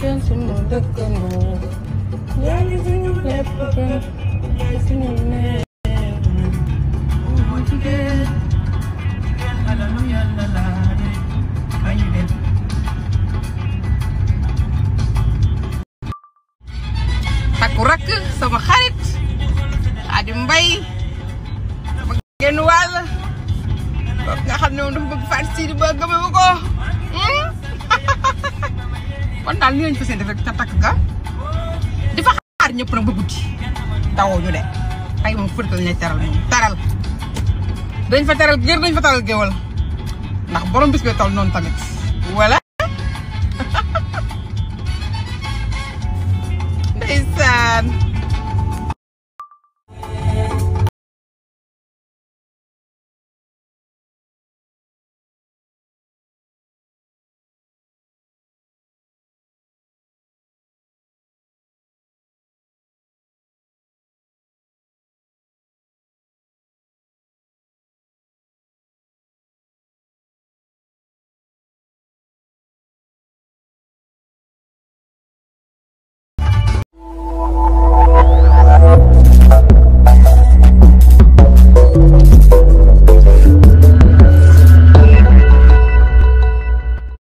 can see sama Khalid ada Bay Genwal Nga xam ne moom dafa bëgg farsi di bëgg gëmee ko kon daal li lañ fas yéene def rek te takk ga di fa xaar ñëpp nag ba guddi tawoo ñu de tey moom fërtal ñay teral moom teral dañ fa teral gër dañ fa teral géwal ndax borom bis bee non noonu tamit wala eh? ndeysaan